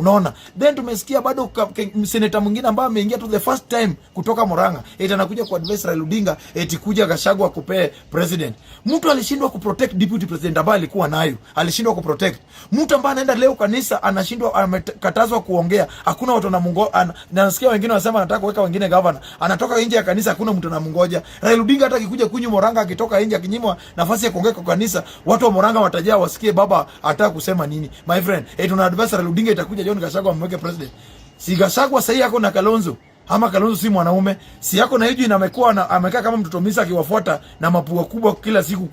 Unaona, then tumesikia bado seneta mwingine ambaye ameingia to the first time kutoka Murang'a, eti anakuja ku advise Raila Odinga eti kuja Gachagua kupee president. Mtu alishindwa ku protect deputy president ambaye alikuwa nayo, alishindwa ku protect mtu ambaye anaenda leo kanisa, anashindwa amekatazwa kuongea, hakuna watu wanamungoja. Nasikia wengine wanasema anataka kuweka wengine governor, anatoka nje ya kanisa, hakuna mtu anamungoja. Raila Odinga hata akikuja kunyu Murang'a, akitoka nje, akinyimwa nafasi ya kuongea kwa kanisa, watu wa Murang'a watajaa, wasikie baba anataka kusema nini. My friend, eti una advise Raila Odinga itakuja John Gachagua amweke president. Si Gachagua sasa yako na Kalonzo ama Kalonzo si mwanaume, si yako na Eugene amekuwa amekaa kama mtoto misa akiwafuata na mapua kubwa kila siku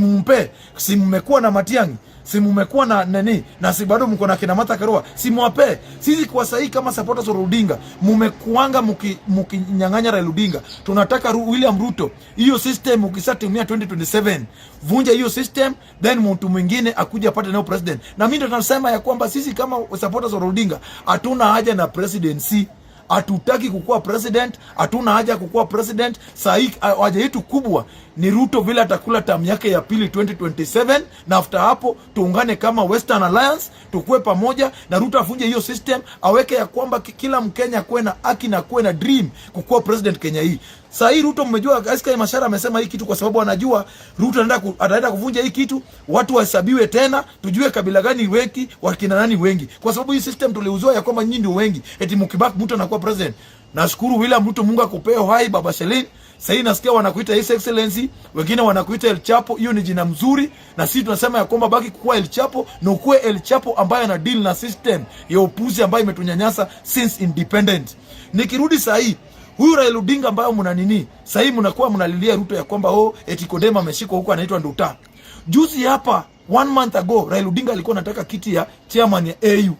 mumpe, si simmekuwa na Matiang'i si mumekuwa na nini na si bado mko na kina Mata Karua, si mwape sisi kwa sahii kama supporters wa Rudinga, mumekuanga mkinyang'anya Raila Odinga. Tunataka William Ruto, hiyo system ukishatumia 2027 vunja hiyo system, then mtu mwingine akuja apate nayo president. Na mimi ndo ya kwamba sisi kama supporters wa Rudinga hatuna haja na presidency hatutaki kukuwa president, hatuna haja ya kukuwa president. Saa uh, haja yetu kubwa ni Ruto vile atakula tamu yake ya pili 2027, na after hapo tuungane kama Western Alliance, tukuwe pamoja na Ruto afunje hiyo system, aweke ya kwamba kila Mkenya kuwe na haki na kuwe na dream kukuwa president Kenya hii. Sasa hii Ruto mmejua Iskia Mashara amesema hii kitu kwa sababu anajua Ruto anaenda ku, ataenda kuvunja hii kitu, watu wahesabiwe tena, tujue kabila gani wengi, wakina nani wengi. Kwa sababu hii system tuliuzoea ya kwamba nyinyi ndio wengi. Eti mkibaki mtu anakuwa president. Nashukuru William Ruto, Mungu akupee hai baba Shelin. Sasa hii nasikia wanakuita His Excellency, wengine wanakuita El Chapo, hiyo ni jina mzuri na sisi tunasema ya kwamba baki kuwa El Chapo na ukuwe El Chapo ambaye ana deal na system ya upuzi ambayo imetunyanyasa since independent. Nikirudi sasa hii huyu Raila Odinga ambayo mna nini sahii, hivi mnakuwa mnalilia Ruto ya kwamba oh, eti Kodema ameshikwa huku anaitwa Nduta. Juzi hapa one month ago Raila Odinga alikuwa anataka kiti ya chairman ya AU.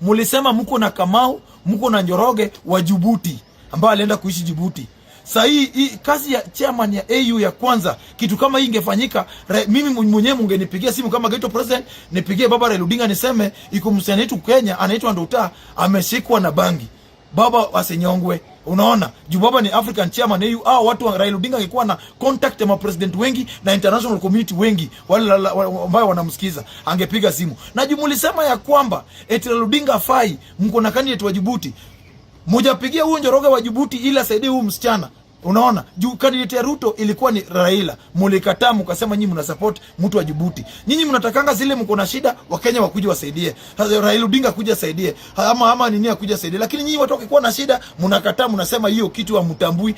Mulisema mko na Kamau, mko na Njoroge wa Jibuti ambaye alienda kuishi Jibuti. Sahii hii kazi ya chairman ya AU ya kwanza, kitu kama hii ingefanyika, mimi mwenyewe mungenipigia simu kama Geto president, nipigie baba Raila Odinga niseme iko msanii wetu Kenya anaitwa Nduta ameshikwa na bangi. Baba asinyongwe. Unaona, juu baba ni African chairman au eh, ah, watu wa Raila Odinga angekuwa na contact ya mapresident wengi na international community wengi wale ambao wanamsikiza, angepiga simu. Na juu mlisema ya kwamba eti Raila Odinga afai, mko na candidate wa Djibouti, mujapigia huyo Njoroge wa Djibouti ili asaidie huyu msichana. Unaona, juu kandidati ya Ruto ilikuwa ni Raila, mulikataa mkasema nyinyi mnasupport mtu wa Jibuti, Nyinyi mnatakanga zile mko na shida, Wakenya wakuje wasaidie. Sasa Raila Odinga kuja asaidie, ama ama nini akuja asaidie. Lakini nyinyi watu wakikuwa na shida, mnakataa mnasema hiyo kitu hamtambui.